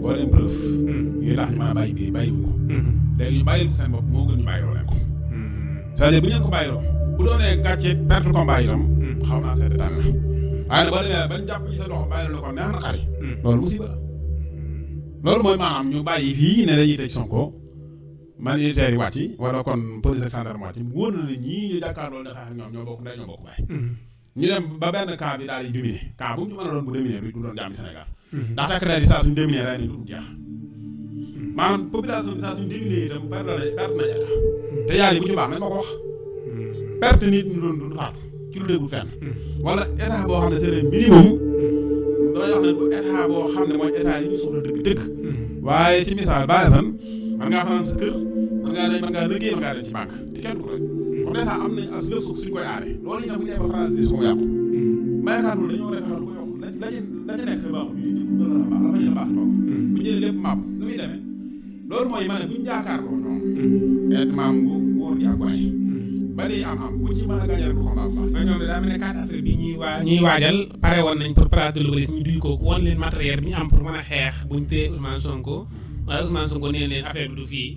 bu ñu leen ko perte combat itam. xaw naa seet daan na waaye boo demee bañ jàpp ci sa loxo bàyyiloo ko neex na xari loolu musiba la loolu mooy maanaam ñu bàyyi fii ne dañuy tëj Sonko man unitaires yi wàcc wala kon police ak gendarme wàcc wóor na ne ñii ñu jàkkaarloo ne xeex ak ñoom ñoo bokk ndey ñoo bokk mm-hmm. a doon bu dominer mm-hmm. bi saa suñu mm-hmm. baax nañ ma ko wax perte nit ñu doon dund faatu ci lu dégul fenn wala état boo xam ne c'est le minimum damay wax ne bu état boo xam ne mooy état yi ñu soxla dëgg dëgg waaye ci misaal baasan man ngaa fanaan sa kër man ngaa dem man man ngaa dem ci banque te kenn du rek comme ça am nañ as lëf suuf suñ koy aaree loolu ñu tam bu ñu ba France su ko yàqu hmm. may dañoo war a xaar lu ko yokk la la ca nekk da bu jëlee lépp maap nu demee loolu mooy maanaam bu ñu jaakaar loolu ñoom hmm. maam ngu wóor di ak waaye ba lii am am bu ci mën a gaañal bu ko bi ñuy waajal pare woon nañ pour place de l'Obélisque ñu duy ko woon leen matériel bi ñu am pour mën a xeex buñ téye Ousmane Sonko waaye Ousmane Sonko nee leen affaire bi du fii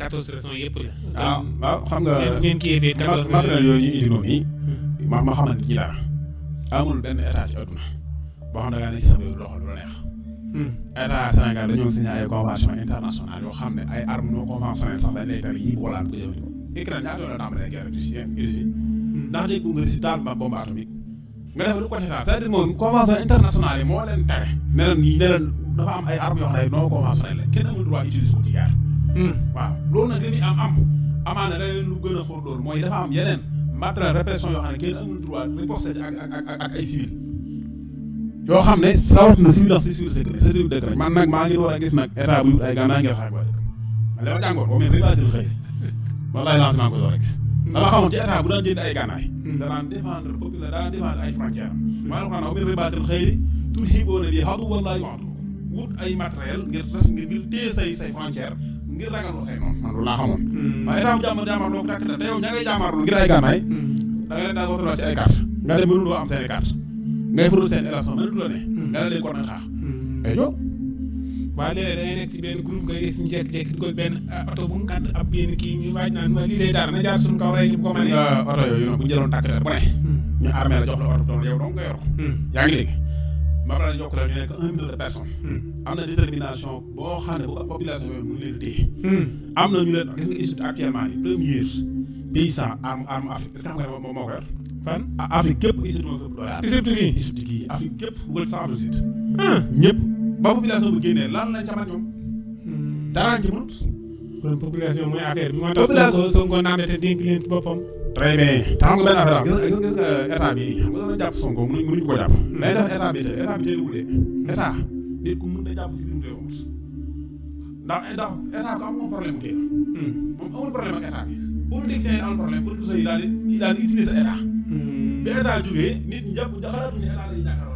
14 raisons yëpp la. Ah, ma ah, waaw xam nga ngeen ngeen kii fii 14 matériel yooyu ñu indi hmm. dara. amul benn état ci adduna boo xam ne da ngaa ne ci sama loxo lu neex. Hmm. état Sénégal dañoo signé ay convention internationale yoo xam ne ay armes non sax dañ lay tere yi walaat ko Ukraine doon na tàmbalee guerre Russie Russie ndax day gunge si daal ma bombe atomique nga def lu ko ci moom convention internationale yi moo leen tere ne leen yi ne dafa am ay armes yoo xam ne non conventionnelles la kenn amul droit utiliser ko ci guerre hmm. waaw loolu nag li muy am am amaana leneen lu gën a xóot loolu mooy dafa am yeneen matériel répression yoo xam ne kenn amul droit riposte ci ak ak ak ay civil yoo xam ne sawat na civil si civil sa a gis nag état bu ay gànnaaw ngeen xaar ba dëkk ma wallaay lancé naa ko door rek hmm. dama xamoon ci état bu daan jënd ay gànnaay hmm. danaan défendre peuple hmm. la wa aduwwakum wut ay matériel laa ci ay carte nga dem mënuloo am seen i ngay furu seen élection mënatu la ne nga ne léegi kon nañ xaax waa léeg-léeg da ngay nekk si benn groupe nga gis ñu jékki-jékki benn ah, oto bu mu ab benn kii ñu waaj naan ma lii lay na jaar suñu kaw rey ñu ko a. Ah, oto yooyu noonu bu hmm. la jox la oto doon yow doon nga yor ko. Hmm. yaa ngi dégg. ma la jokk la ñu nekk hmm. am na détermination boo xam ne bu population mu leen téye. am na ñu leen gis nga Égypte actuellement ni premier pays sans arme Afrique est nga ne moom moo ko yor. fan Afrique képp Égypte moo fépp doole. Égypte gii Égypte gii Afrique képp wël ba population bu génnee lan lañ camat ñoom. Hmm. daraan ci mut kon population mooy affaire bi moo tax. population Sonko naan te dénk leen ci boppam. très bien taxaw nga benn affaire am gis nga gis nga état bi xam nga doon jàpp Sonko mënuñ mënuñ ko jàpp. day hmm. def état bi tey état bi tey wule hmm. état nit ku mën a jàpp ci biir réew mi ndax ndax état bi amul problème problème ak état bi yi amul yi di daal di utiliser état. bi état jógee nit ñi jàpp xalaatuñu état lay jàkkaarloo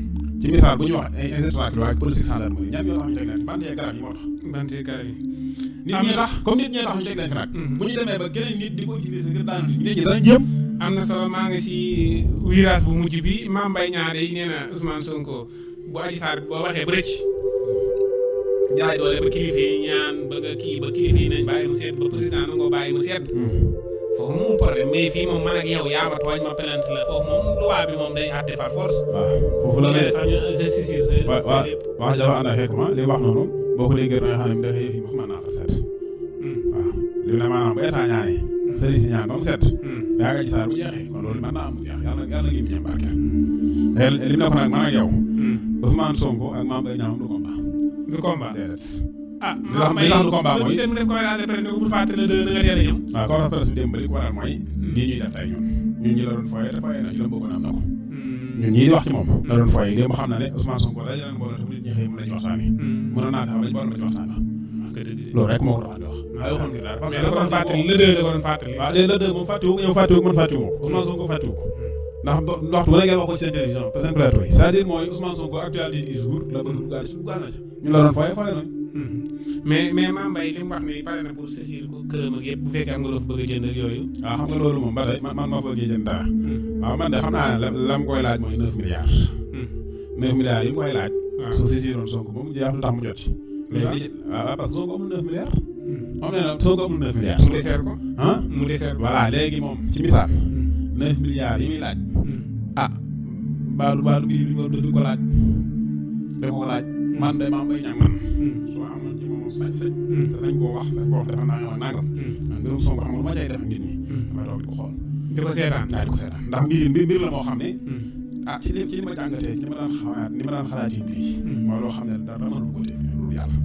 ci misaal bu ñu wax ay insertion ak police gendarmerie ñan ñoo mhm. bu ñu demee ba gën nit di ko utiliser ngir daanu nit ñi ngi si virage bu mujj bi Mame yi nee na Ousmane Sonko bu Adji Sarr boo doole ba kilifa yi ñaan ba kii ba kilifa yi nañ bàyyi mu sedd ba président nangoo mu sedd. Mhm. foofu moom problème mais fii moom man ak yow yaa ma tooñ ma plainte la foofu moom loi bi moom day àtte par force. waaw foofu la lay def waaw waaw wax dafa ànd ak xeetu li wax noonu boo ko déggee da nga xam ne da ngay fi wax mën naa ko set. Hmm. waaw li mu ne maanaam bu état ñaanee. Hmm. sëriñ si ñaan doon set. Hmm. yaa ngi ci saar bu jeexee kon loolu mën naa am bu jeex yàlla yàlla ngi mu ñam barkeel. Eh, li mu ne ko nag man ak yow. Ousmane Sonko ak Mame Mbaye Niang du combat. du combat déedéet. ah maa may li tax du combat mooy seen mu def conférence de presse ne ko bul fàtte ne deux a ñëw. waaw conférence de presse bi démb li ko waral mooy. lii hmm. ñuy def tey ñun ñun ñi la doon fooyee te fooyee na hmm. ñu wax loolu rek moo ko doon wax. waaw waxoon moom fàttiwu ko hmm. ndax waxtu bu la wax ko seen télévision seen plateau yi c'est-à-dire mooy Ousmane Sonko actualité du jour la ba dugg gaal ci ñun la doon fooyee fooyee nañ mais mais ma Mbaye li mu wax ne pare na pour saisir ko këram ak yëpp bu fekkee am nga loo fa bëgg a jënd ak yooyu. waaw xam nga loolu moom ba tey man man maa bëggee jënd dara. waaw man de xam naa ne la koy laaj mooy 9 milliards. yi mu laaj. su saisiroon Sonko ba mu jeex mu jot ci. yi muy laaj. ah baalu baalu mbir yi duñ ko duñ ko laaj. dañ ko laaj. man de maa bay ñaan man soo amoon ci moom sañ-sañ hmm. te sañ koo wax sañ koo wax dafa nangam ak hmm. nangam mbirum Sonko xam nga lu ma cay def nit ñi hmm. damay toog di ko xool di ko seetaan di ko seetaan ndax mbir mbir mbir la moo xam ne ah ci li ci li ma jàngatee ci ma daan xamaat ni ma daan xalaat yi mbir mooy loo xam ne dara mën lu ko téye loolu yàlla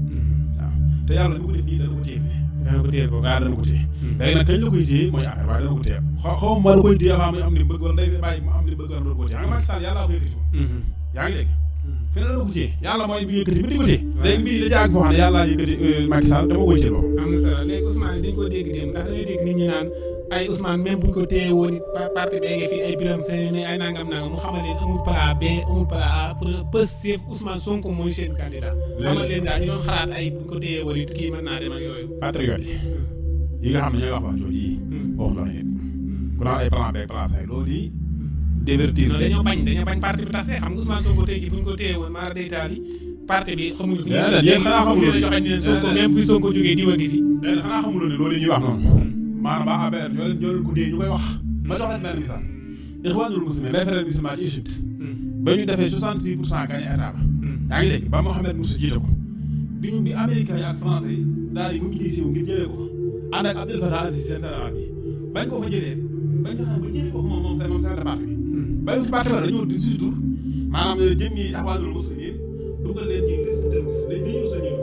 waaw te yàlla li mu ko def nii dana ko téye dana ko téye boobu waaw dana ko téye léegi nag kañ la koy téye mooy affaire waaye dana ko téye xaw ma la koy téye avant muy am ni mu bëgg woon day bàyyi mu am ni mu bëgg woon dana ko téye xam nga Macky Sall yàlla ko yëkkati yaa ngi dégg feneen eh, ko ci yàlla mooy yëkkati mbir mi tee léegi mbir yi da jàgg foo xam ne yàllaa yëkkati Macky Sall dama wëyteel boppam am na solo léegi Ousmane dañ ko dégg dem ndax dañuy dégg nit ñi naan ay Ousmane même buñ ko téye woon it parti bee nga fii ay biram feneen ne ay o nangam mu xamal leen amul plan B amul plan A pour Pastef Ousmane Sonko mooy seen candidat xamal leen daal ñu doon xalaat ay buñ ko téye woon it kii mën naa dem ak yooyu patriote yi hmm. nga xam ne ñooy wax wax jooju yi hmm. wax la nit hmm. ku naan ay C loolu divertir non dañoo bañ dañoo bañ parti bi tasee xam nga Ousmane Sonko tey jii bu ñu ko téye woon mara day taal yi parti bi xamuñu fi yéen xanaa xamuloo ne joxe leen Sonko même fi Sonko jógee diwa gi fi yéen xanaa xamuloo ne loolu ñuy wax noonu hmm. maanaam waa APR ñoo leen ñoo leen guddee ñu koy wax ma hmm. jox la ci benn misaal Ikhwanul Muslimin lay feral musulman ci Égypte hmm. ba ñu defee 66 pour cent gagné état ba yaa ngi dégg ba Mohamed Moussa jiite ko bi ñu bi américain yi ak français yi daal di mobilisé wu ngir jëlee ko fa ànd ak Abdel Fattah al-Sisi seen général bi bañ ko fa jëlee bañ ko xam ba jëlee ko ministère moom seen département bi. Hmm. ba yëngu département dañoo di suñu tur maanaam jëm yi axwaanul muslimin dugal leen ci liste terroriste dañ dañuy musa ñëw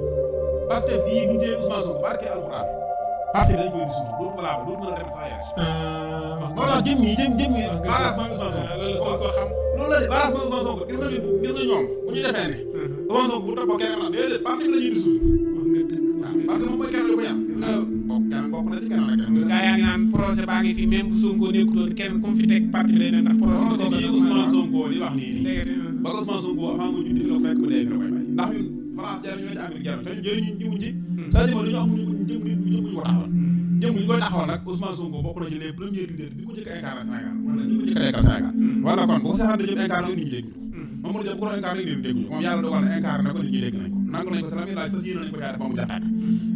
parce que fii bu ñu jëlee Ousmane Sonko barke alxuraan parce que dañ koy di suñu tur dootu ko laal dootu mën a dem saa yàlla. Euh, kon nag jëm yi jëm jëm ah, yi. balaas mooy Ousmane Sonko loolu la Sonko xam. loolu la de balaas mooy Ousmane Sonko gis nga ni gis nga ñoom bu ñu defee ne. Hmm. Ousmane Sonko bu toppoo keneen maanaam déedéet parti bi la ñuy di suñu. Oh, parce que moom mooy keneen lu ko yàq gis nga bokk na ci kenn. gaa yaa ba Ousmane Sonko avant mu judd fi la ko fekk mu dee fi la koy may ndax ñun la ci Amérique jëriñu hmm. te ñun jëriñu jiwuñ ci. c'est-à-dire dañoo am jëm nit jëm ñu ko taxawal. jëm ñu koy taxawal nag Ousmane Sonko bokk na ci les premiers leaders bi ko njëkk a incarné Sénégal a nekkal Sénégal. Hmm. Hmm. na incarné na ko nit ñi nañ ko nangu nañ ko te laaj fas yéene nañ ko jaare ba mu jàttaak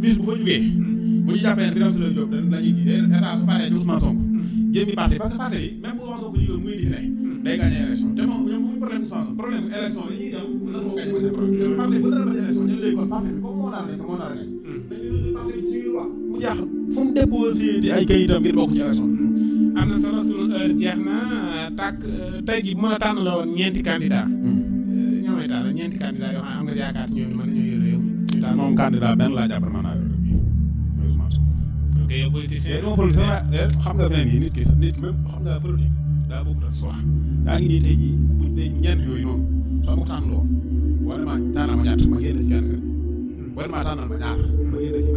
bis bu fa jugee bu ñu jàppee ne Birame Souleye Diop dañ la ñuy état su te moom moo gagné mu jeex fu mu di ay kayitam ngir bokk ci élection am solo sunu jeex na tàkk tey ji bu ma la tànn la woon ñeenti candidat hmm. eh, ñoomay tànn ñeenti candidat yoo xam am nga yow politicien non politicien xam nga fi ne nit ki sa nit même xam nga politique daa bokk ak soi daa ngi nii tey jii buñ ne ñenn yooyu noonu soo ma ko tànnloo wala maa tànnal ma ñett ma génn ci kenn wala maa tànnal ma ñaar ma génn ci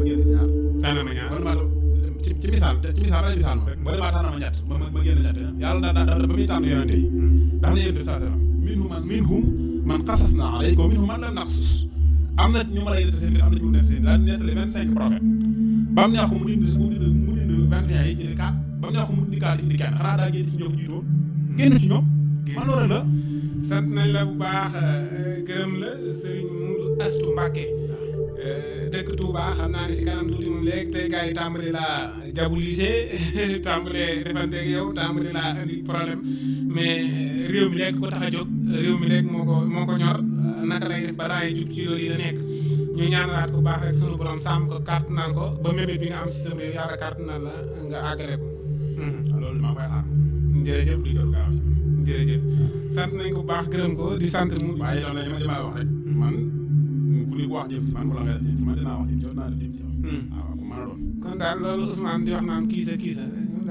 ma man minhum man naa alaykum minhum man ma lay nett seen biir am na nettali vingt cinq prophètes ba mu neexu mu dindi mu dindi vingt et un yi indi quatre ba mu neexu mu kenn xanaa daa génn ci ñoom la sant nañ la bu baax euh, la sëriñ euh, xam naa ne si kanam tuuti moom léegi tey gars yi tàmbali laa jabulisee tàmbalee defanteeg yow tàmbali laa indi problème mais euh, réew mi léegi ko tax a jóg réew mi léegi moo ko ñor naka lay def ba raay jub yi la nekk ñu ñaanalaat ku baax rek sunu borom sàmm ko bi nga am si sa réew yàlla la nga àggale ko. Hmm. loolu maa ngi koy xaar. jërëjëf du jël nañ ko baax gërëm ko di sant mu. waaye yow nag li ma wax rek. man ku li wax jëm ci man wala nga jëm ci man dinaa wax jëm ci yow dinaa hmm. jëm a doon. kon daal kiisa kiisa.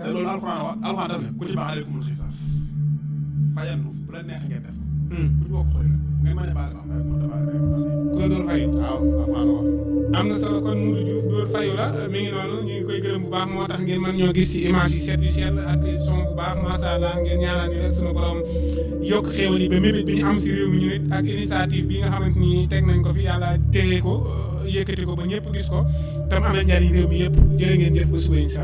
te loolu alxuraan wax alxuraan ku ci baax aleykumul xisaas fayandu bu la neex ngeen def ko. Hmm. ku ci bokk xooli ngay mën a baal na baal la door fayu waaw wax am na solo kon Modou Diouf door fayu la mi ngi noonu ñu ngi koy gërëm bu baax moo tax ngeen mën ñoo gis ci image yi seet yu sell ak son bu baax macha allah ngeen ñaanal ñu rek yokk xéwal yi ba mébét bi am ci réew mi ñu nit ak initiative bi nga xamante ni teg nañ ko fi yàlla téye ko yëkkati ko ba ñëpp gis ko tam am na njariñ réew mi yëpp jërë ngeen jëf ba suba incha